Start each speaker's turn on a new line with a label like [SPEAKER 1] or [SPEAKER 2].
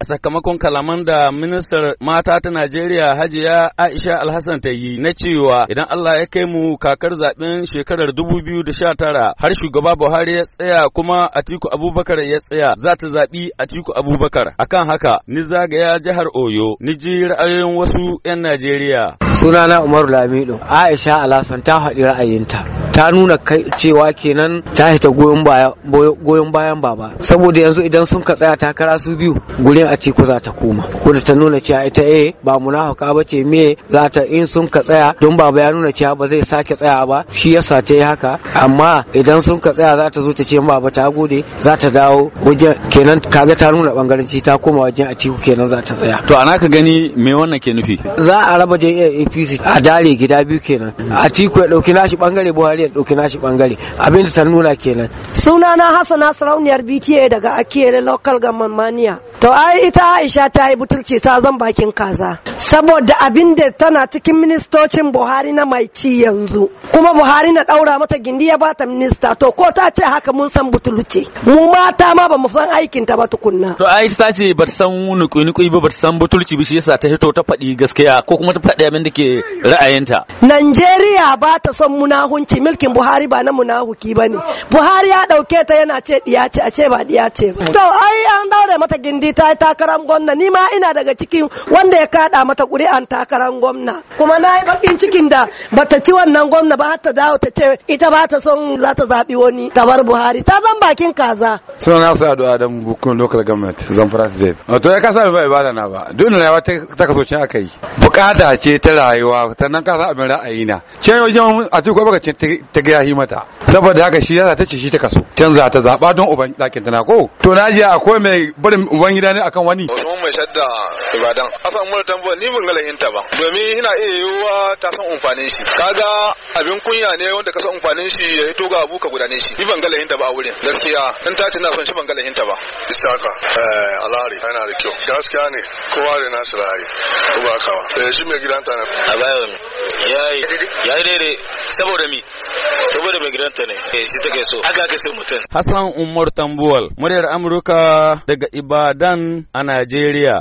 [SPEAKER 1] A sakamakon kalaman da ministar mata ta Najeriya Hajiya Aisha Alhassan ta yi na cewa idan Allah ya kai mu kakar zaben shekarar 2019 har shugaba Buhari ya tsaya kuma Atiku Abubakar ya tsaya za ta zaɓi Atiku Abubakar akan haka ni zagaya jihar Oyo ni ji ra'ayoyin wasu 'yan Najeriya
[SPEAKER 2] sunana Umaru Lamido Aisha Alhassan ta faɗi ra'ayinta ta nuna cewa kenan ta hita goyon bayan baba saboda yanzu idan sun ka tsaya takara su biyu gurin a ce za ta koma ko ta nuna cewa ita eh ba munafika ba ce me za ta in sun ka tsaya don baba ya nuna cewa ba zai sake tsaya ba shi yasa ta yi haka amma idan sun ka tsaya za ta zo ta ce baba ta gode za ta dawo wajen kenan kaga ta nuna bangarenci ta koma wajen a ciku kenan za ta tsaya
[SPEAKER 1] to ana ka gani me wannan ke nufi
[SPEAKER 2] za a raba jam'iyyar APC a dare gida biyu kenan a ciku ya dauki nashi bangare Buhari ya ɗauki nashi bangare abin da ta nuna kenan.
[SPEAKER 3] sunana hassana sarauniyar bta daga akiyar local government mania to ai ita aisha ta yi butulci ta zan bakin kaza saboda abin tana cikin ministocin buhari na mai ci yanzu kuma buhari na ɗaura mata gindi ya bata minista to ko ta ce haka mun san butulci mu mata ma ba san aikin ta ba tukunna.
[SPEAKER 1] to ta ce ba ta san nukui-nukui ba ba ta san butulci ba shi yasa ta hito ta faɗi gaskiya ko kuma ta faɗi abin da ke ra'ayinta.
[SPEAKER 3] Najeriya ba ta son munahunci mulkin Buhari ba na munafuki ba ne. Buhari ya ɗauke ta yana ce ɗiya ce, ce ba ɗiya ce ba. To, ai an daure mata gindi ta yi takarar gwamna, ni ma ina daga cikin wanda ya kaɗa mata ƙuri'an takarar gwamna. Kuma na yi baƙin cikin da ba ta ci wannan gwamna ba ta dawo ta ce ita ba ta son za ta zaɓi wani ta bar Buhari. Ta zan bakin kaza.
[SPEAKER 4] Suna na su Adu Adam Gukun Local Government Zamfara State. To ya kasa mai ba ibada na ba. Dole na ya ta kaso aka yi. bukata ce ta rayuwa sannan ka abin ra'ayi na can yau a tuko baka ce ta ga yi mata saboda haka shi yasa ta ce shi ta kaso can za ta zaba don uban dakin tana ko to na ji akwai mai barin uban gida ne akan wani
[SPEAKER 1] shadda ibadan asan mura tambuwa ni mun galahin ta ba domin ina iya yiwuwa ta san amfanin shi kaga abin kunya ne wanda ka san amfanin shi ya hito ga abu ka gudane shi ni ban galahin ta ba a wurin gaskiya in ta ce na son shi ban galahin ta ba
[SPEAKER 3] isaka eh alari yana da
[SPEAKER 1] kyau gaskiya ne kowa da nasu ra'ayi ko ba kawa eh shi mai ta ne a bayan yayi yayi dai saboda mi saboda mai ta ne eh shi take so aka ka sai mutun Hassan Umar Tambuwal muryar Amurka daga Ibadan a Najeriya Yeah.